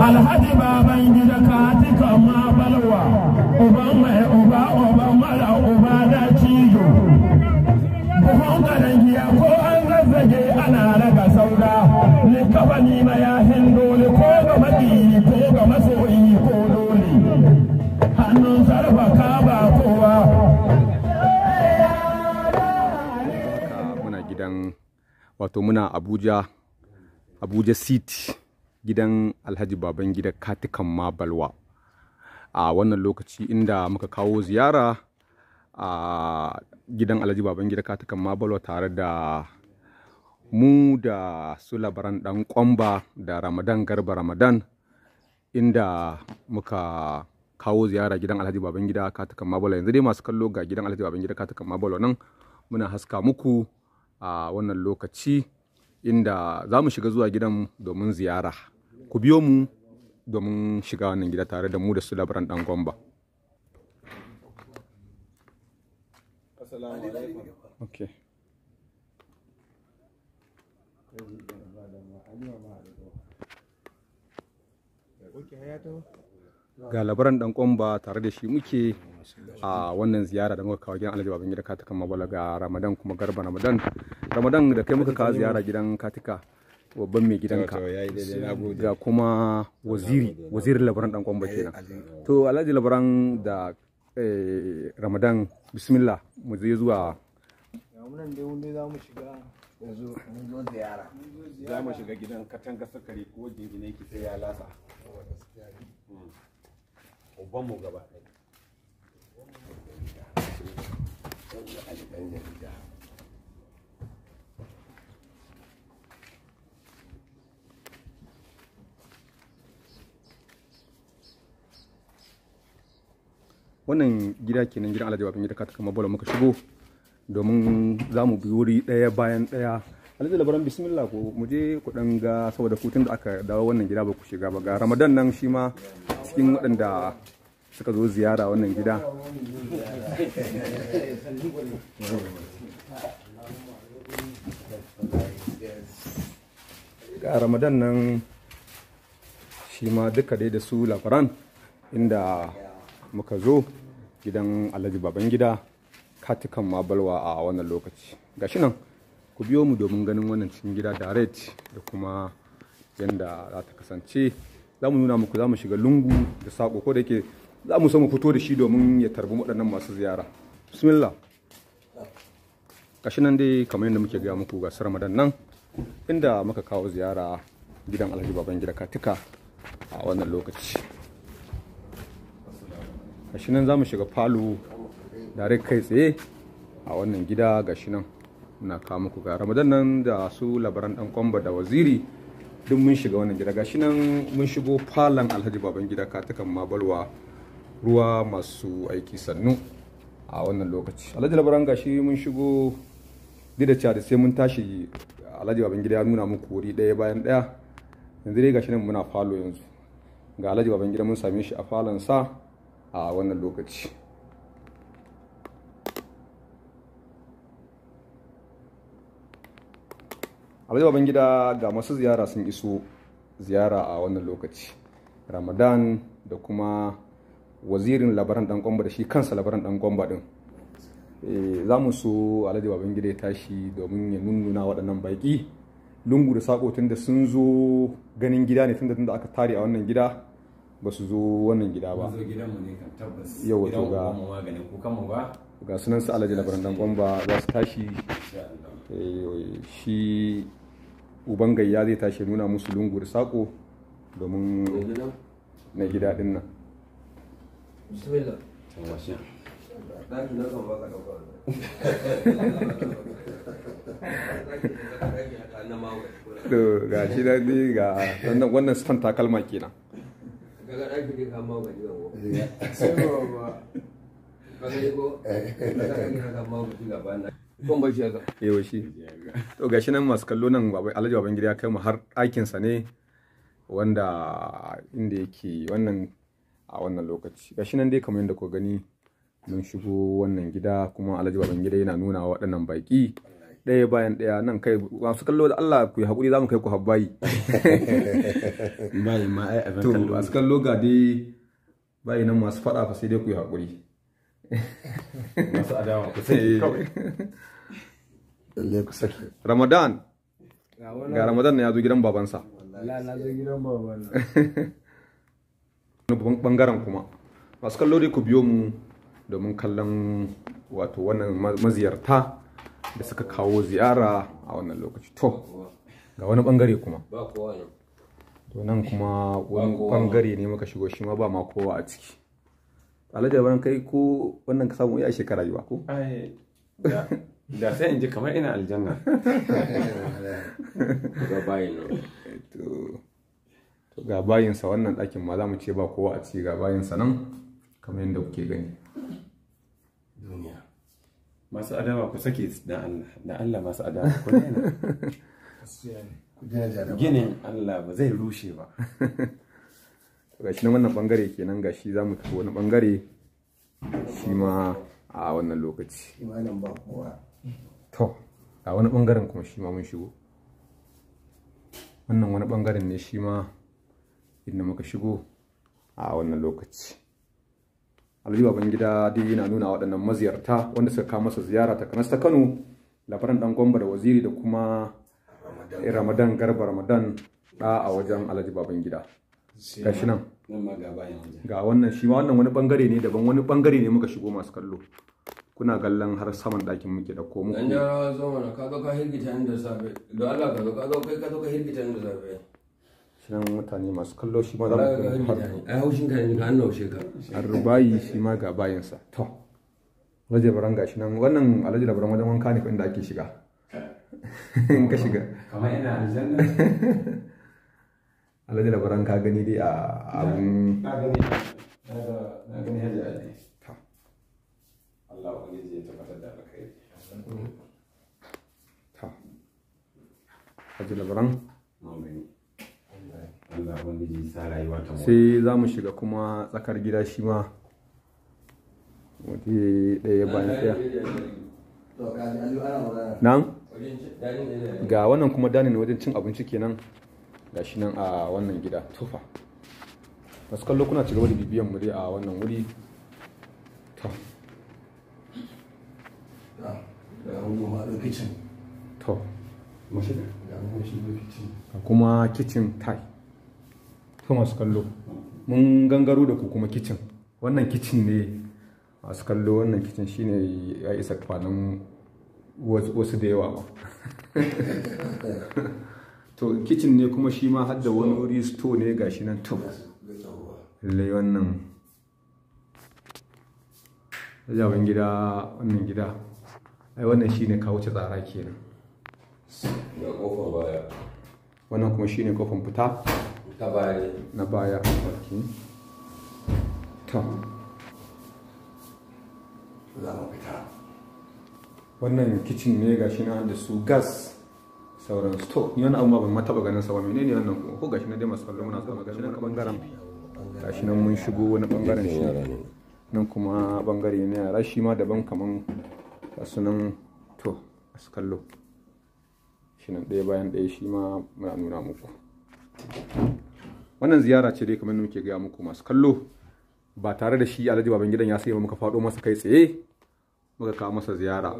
alhaji baban gida ka tika ma balwa uba mai uba uba mara uba da cijo buhon garin giya ko an zazzage ana raga saura ni kafa ni ma ya ni ko ga maƙiyi ko ga masoyi ko dole hannun sarfa ka ba kowa muna gidan wato muna abuja abuja city gidan alhaji baban gida katikan ma balwa a wannan lokaci inda muka kawo ziyara a gidan alhaji baban gida katikan ma balwa tare da mu da sulabaran dan kwamba da ramadan garba ramadan inda muka kawo ziyara gidan alhaji baban gida katikan ma balwa yanzu dai masu kallo ga gidan alhaji baban gida katikan ma balwa nan muna haska muku a wannan lokaci inda za mu shiga zuwa gidan domin ziyara ku biyo mu domin shiga wannan gida tare da mu da su labaran dan gwamba okay. ga labaran dan kwamba tare da shi muke a wannan ziyara da muka kawo gidan alhaji babangida katika mabala ga ramadan kuma garba ramadan ramadan da kai muka kawo ziyara gidan katika babban mai gidanka ga kuma waziri wazirin labaran dan kwamba eh, kenan to alhaji labaran da eh, ramadan bismillah mu je zuwa gidan katanga sai ya lasa hmm. gaba ɗaya wannan gida kenan gidan alhaji babin gida ka kama bola muka shigo domin za mu bi wuri ɗaya bayan ɗaya alhaji labaran bismillah ko mu je ku dan ga saboda kutun da aka dawo wannan gida ba ku shiga ba ga ramadan nan shi ma cikin waɗanda suka zo ziyara wannan gida ga ramadan nan shi ma duka dai da su labaran inda muka zo gidan alhaji babangida katukan balwa a wannan lokaci gashi nan ku biyo mu domin ganin wannan cikin gida direct da kuma yadda za ta kasance za mu nuna muku za mu shiga lungu da sako ko da yake za mu mu fito da shi domin ya tarbi waɗannan masu ziyara bismillah gashi nan dai kamar yadda muke gaya muku ga ramadan nan inda muka kawo ziyara gidan alhaji babangida katuka a wannan lokaci gashi nan za mu shiga falo dare kai tsaye a wannan gida gashi nan muna kawo muku ga ramadan nan da su labaran dan kwamba da waziri duk mun shiga wannan gida gashi nan mun shigo falon alhaji baban gida ma balwa ruwa masu aiki sannu a wannan lokaci alhaji labaran gashi mun shigo duk da da sai mun tashi alhaji baban gida ya nuna muku wuri ɗaya bayan ɗaya yanzu dai gashi nan muna falo yanzu ga alhaji baban gida mun same shi a falon sa a wannan lokaci abu da gida ga masu ziyara sun iso ziyara a wannan lokaci ramadan da kuma wazirin labaran dan kwamba da shi kansa labaran dan kwamba din eh, za mu so alhaji baban gida ya tashi domin ya nunnuna waɗannan baƙi lungu da sako tun da sun zo ganin gida ne tun da aka tare a wannan gida ba su zo wannan gida ba yau wato ga ga sunan su alaji labaran dan gwamba za su tashi eh, shi uban gayya zai tashi nuna musu lungu da sako domin na gida din nan ga shi ga wannan takalma kenan daga ɗaki sai ba ba ka ko daga ɗaki na Kun ga. shi. To gashi nan masu kallo nan Alhaji Babangida ya kai mu har ɗakinsa ne wanda inda yake wannan a wannan lokaci. Gashi nan dai kamar yadda ku gani mun shigo wannan gida kuma Alhaji Babangida yana nuna wa waɗannan baƙi. ɗaya bayan ɗaya nan kai masu kallo da Allah ku yi haƙuri za mu kai ku habbayi. Bayan ma ai abin kallo. To masu kallo ga dai bayi nan masu faɗa fa sai dai ku yi haƙuri. Masu adawa ku sai eh. kawai. Ramadan. Ga Ramadan na ya zo gidan babansa. Allah na zo gidan babansa. Bangaren kuma. Masu kallo dai ku biyo mu domin kallon wato wannan maziyarta. da suka kawo ziyara a wannan lokaci to ga wani bangare kuma to nan kuma wani bangare ne muka shigo shi ma ba ma kowa a ciki alhaji ban kai ko wannan ka samu ya shekara yi ba ko da sai in ji kamar ina aljanna ga bayin to ga bayinsa wannan ɗakin ma za mu ce ba kowa a ciki ga bayinsa nan kamar yadda kuke gani masu adawa ku sake da Allah da Allah masu adawa ku daina ginin Allah ba zai rushe ba gashi nan wannan bangare kenan gashi za mu tafi wani bangare shi ma a wannan lokaci imanin ba kowa to a wani bangaren kuma shi ma mun shigo wannan wani bangaren ne shi ma inda muka shigo a wannan lokaci alhaji babangida dai yana nuna waɗannan maziyarta wanda suka kawo masa ziyara ta kanas ta kano labaran dan gwamba da waziri da kuma ramadan garba ramadan ɗa a wajen alhaji babangida ga shi nan ga wannan shi ma wannan wani bangare ne daban wani bangare ne muka shigo masu kallo kuna gallon har saman ɗakin muke da komu. dan jarawa zo mana ka zo ka hirgita inda safe da Allah ka zo ka zo kai ka zo ka hirgita inda safe shirin mutane masu kallo shi ma za mu ai haushin ka yanzu ka an shi ka arbayi shi ma ga bayansa to waje baran wannan alhaji wajen wanka ne inda ake shiga in ka shiga kamar ina aljanna alhaji baran ka gani dai a abun na gani na gani haji ali Allah ya tabbatar da alkhairi ta haji labaran Allah ubangiji sa rayuwa ta sai za mu shiga kuma tsakar gida shi ma wata ɗaya bayan ɗaya nan ga wannan kuma dani danin wajen cin abinci kenan ga shi nan a wannan gida tufa masu kallo kuna ci gaba da bibiyan mu dai a wannan wuri to to kuma kitchen tie kuma masu kallo mun gangaro da ku kuma kicin wannan kicin ne masu kallo wannan kicin shi ne ya isa kwanan wasu da yawa to kicin ne kuma shi ma hadda wani wuri sto ne ga shi nan to lallai wannan zaben gida wannan gida ai wannan ne kawo ci tsara kenan ga kofar baya wannan kuma shi ne kofar fita na baya na baya ok to za mu fita wannan kitchen ne shi na da su gas sauran to ni wani abu ma ban ma taba ganin sa ba menene wannan ko ko gashi na dai masallo muna sa gashi na bangaren shi nan mun shigo wani bangaren shi nan kuma bangare ne yara shi ma daban kaman kasu nan to su kallo shi nan ɗaya bayan ɗaya shi ma muna nuna muku wannan ziyara ce dai kamar muke gaya muku masu kallo ba tare da shi alhaji baban gidan ya sai muka faɗo masa kai tsaye muka kawo masa ziyara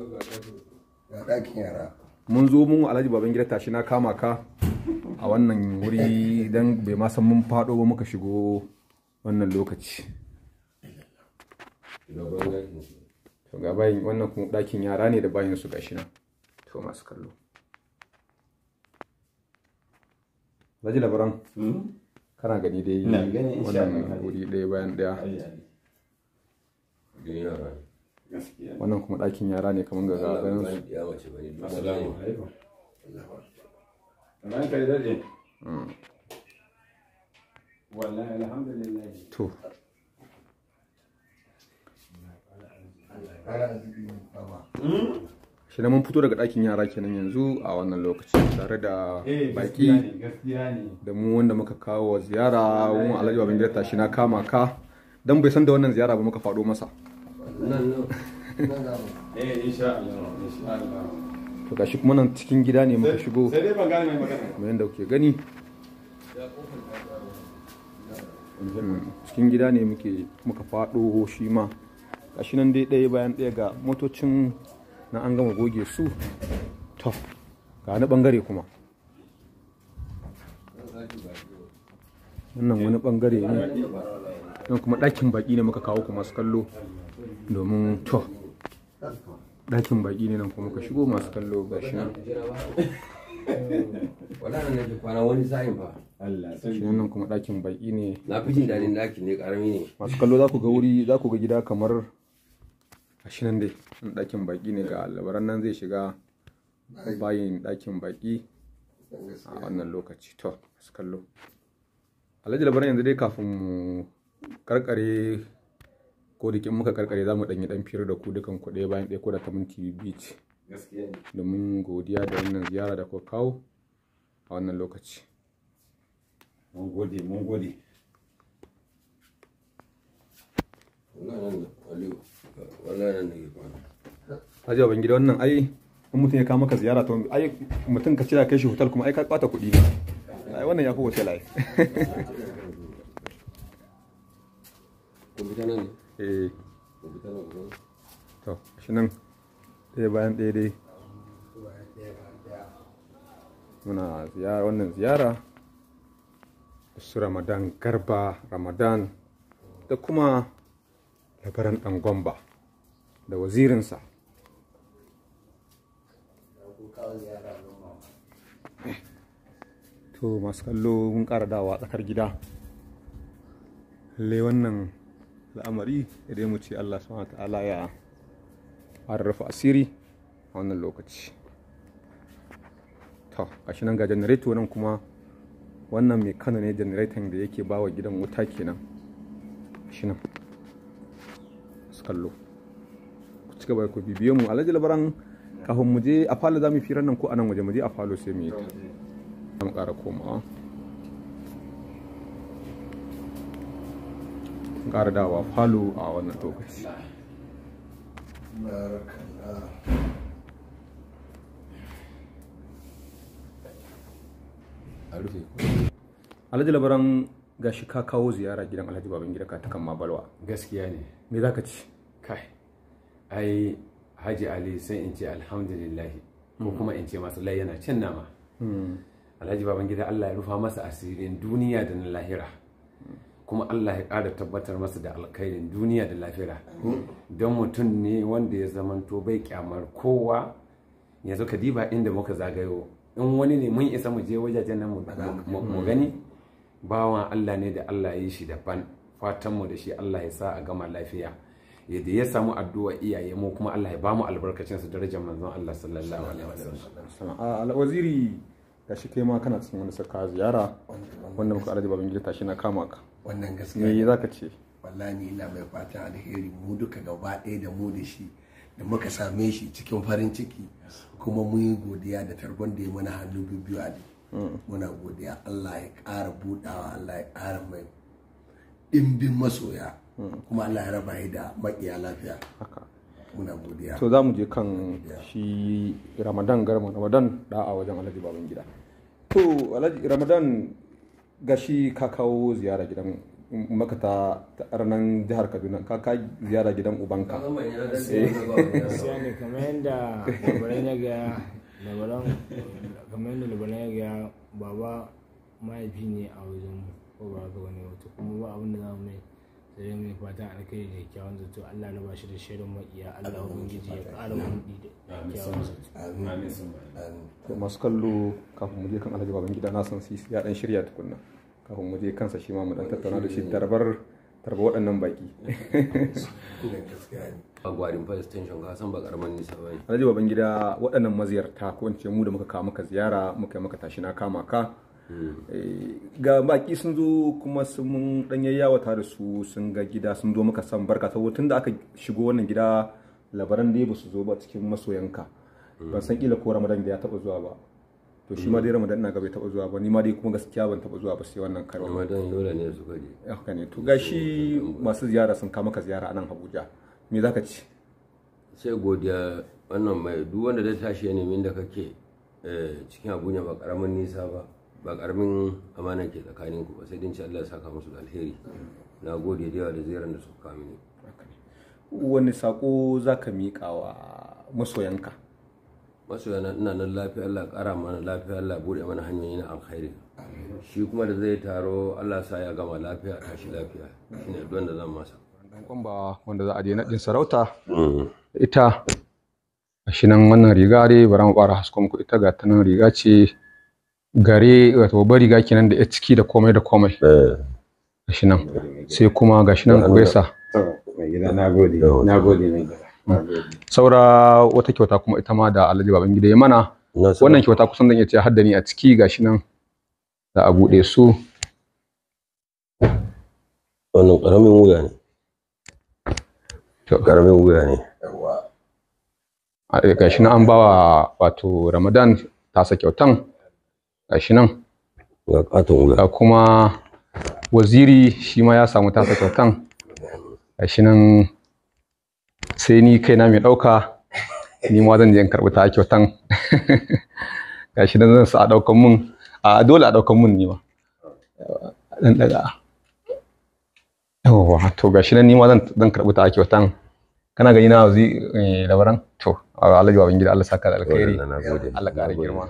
mun zo mun alhaji baban gida tashi na kama ka a wannan wuri dan bai ma san mun faɗo ba muka shigo wannan lokaci to ga bayin wannan kuma ɗakin yara ne da bayin su gashi nan to masu kallo Alhaji labaran hmm? kana gani dai wannan wuri ɗaya bayan ɗaya wannan kuma ɗakin yara ne kamar ga ganin su mm. to kenan mun fito daga ɗakin yara kenan yanzu a wannan lokacin tare da eh, baki da mu wanda muka kawo ziyara wani alhaji babin gida tashi na kama ka dan bai san da wannan ziyara ba muka faɗo masa to gashi kuma nan cikin gida ne muka shigo sai dai ban gane mai magana yadda kuke gani hmm, cikin gida ne muke muka faɗo shi ma gashi nan dai ɗaya bayan ɗaya ga motocin na an gama goge su to ga na bangare kuma wannan wani bangare ne nan kuma ɗakin baƙi ne muka kawo ku masu kallo domin to ɗakin baƙi ne nan kuma ka shigo masu kallo ga shi nan wadannan da kwana wani sa'in ba Allah sai nan kuma ɗakin baƙi ne na fi jin daɗin ɗakin ne ƙarami ne masu kallo za ku ga wuri za ku ga gida kamar gashi nan dai ɗakin baƙi ne ga labaran nan zai shiga bayin ɗakin baƙi a wannan lokaci to su kallo alhaji labaran yanzu dai kafin mu karkare ko da muka karkare za mu ɗanyi ɗan fira da ku dukan ku ɗaya bayan ɗaya ko da kamun minti beach domin godiya da wannan ziyara da kuka kawo a wannan lokaci mun gode mun gode Haji ban wannan ai in mutum ya kawo maka ziyara to ai mutum ka cira kai shi hotel kuma ai ka bata kuɗi ne. Ai wannan ya fi hotel ai. Kwamfuta nan ne? Eh. Kwamfuta nan ne? To, shi nan ɗaya bayan ɗaya dai. Muna ziyara wannan ziyara. Su Ramadan Garba, Ramadan da kuma ta ɗan gwamba da wazirinsa eh, to masu kallo mun ƙara dawa tsakar gida le wannan al'amari idan mu ce Allah subhanahu ta'ala ya arrafa asiri a wannan lokaci to gashi nan ga janareto nan kuma wannan mai kana ne janareton da yake bawa gidan wuta kenan shi nan kallo ku ci gaba ku bibiye mu alhaji labaran kafin mu je a falo za mu firar nan ko a nan waje mu je a falo sai mu yi ta mu ƙara komawa ƙara dawa falo a wannan lokaci alhaji labaran gashi ka kawo ziyara gidan alhaji babangida ka ta kan mabalwa gaskiya ne me za ka ci kai ai haji ali sai in ce alhamdulillah ko kuma in ce masu lai yana cin nama hmm. alhaji baban gida allah ya rufa masa asirin duniya da na lahira kuma allah ya ƙara tabbatar masa da alkhairin duniya da lahira don mutum ne wanda ya zamanto bai kyamar kowa yanzu ka diba inda muka zagayo in wani ne mun isa mu je wajajen nan mu hmm. gani bawan allah ne da allah ya yi shi daban fatanmu da shi allah ya sa a gama lafiya da ya samu addu'a iyaye mu kuma Allah ya bamu albarkacin su darajar manzon Allah sallallahu alaihi wasallam alwaziri shi kai ma kana cikin wani saka ziyara wanda muka alaji babin gida tashi na kama ka wannan gaskiya me zaka ce wallahi ni ina mai fatan alheri mu duka gaba ɗaya da mu da shi da muka same shi cikin farin ciki kuma mun yi godiya da tarbon da ya mana hannu biyu a mm. muna godiya Allah ya ƙara budawa Allah ya ƙara mai Imbin masoya kuma Allah ya raba da makiya lafiya muna godiya to za mu je kan shi Ramadan garma Ramadan da a wajen Alhaji Babangida to Alhaji Ramadan gashi ka kawo ziyara gidan maka ta ranar jihar kaduna ka ka ziyara gidan ubanka eh. kamar yadda labaran ya gaya labaran kamar yadda labaran ya baba mahaifi ne a wajen ko ba ga wani wata kuma ba abin da za mu mai sai mai fatan alkhairi da kyawun zato Allah na bashi da shirin makiya Allah ubangiji ya ƙara ji da kyawun zato amin to masu kallo kafin mu je kan alhaji baban gida na san sisi ya dan shirya tukunna kafin mu je kansa shi ma mu dan tattauna da shi tarbar tarba waɗannan baki a gwarin fire station ka san ba karaman nisa ba ne alhaji baban gida waɗannan maziyarta ko in ce mu da muka kawo maka ziyara muka yi maka tashi na kama ka Eh, ga baki sun zo kuma sun dan yayyawata da su sun ga gida sun zo muka san barka saboda tunda aka shigo wannan gida labaran dai ba su zo ba cikin masoyanka hmm. ban san kila ko ramadan da ya taba zuwa ba to shi ma dai hmm. ramadan ina ga bai taba zuwa ba ni ma dai kuma gaskiya ban taba zuwa ba sai wannan karo ramadan dole ne su gaje haka ne to gashi masu ziyara sun kama ka ziyara a nan Abuja me zaka ci sai godiya wannan mai duk wanda da tashi ya nemi da kake eh, cikin Abuja ba karamin nisa ba ba karamin amana ke tsakanin ku ba sai dinci Allah ya saka musu da alheri na gode da yawa da ziyarar da suka kawo mini wani sako za ka miƙa wa masoyanka masoyana ina nan lafiya Allah ƙara mana lafiya Allah bude mana hanyoyi na alkhairi shi kuma da zai taro Allah sa ya gama lafiya a tashi lafiya shine duk wanda zan masa dan kwamba wanda za a je nadin sarauta mm. ita shi nan wannan riga dai bara mu fara hasko muku ita ga ta nan riga ce gare wato bari ga kenan da ya ciki da komai da komai eh. gashi nan sai kuma gashi nan ku gaisa saura wata kyauta kuma ita ma da Alhaji gida ya mana wannan kyauta kusan zan ya ce haddani a ciki gashi nan da a buɗe su wannan karamin wuya ne karamin wuya ne gashi nan an bawa wato Ramadan tasa kyautan gashi nan ga katon wuya kuma waziri shi ma ya samu tasa kyautan gashi nan sai ni kaina mai ɗauka ni ma zan je in karɓi ta kyautan gashi nan zan sa a ɗaukan mun a dole a ɗaukan mun ni ma dan daga yawwa to gashi nan ni ma zan zan karɓi ta kyautan kana gani na zai eh, labaran to alhaji gida Allah saka da alkhairi Allah ƙara girma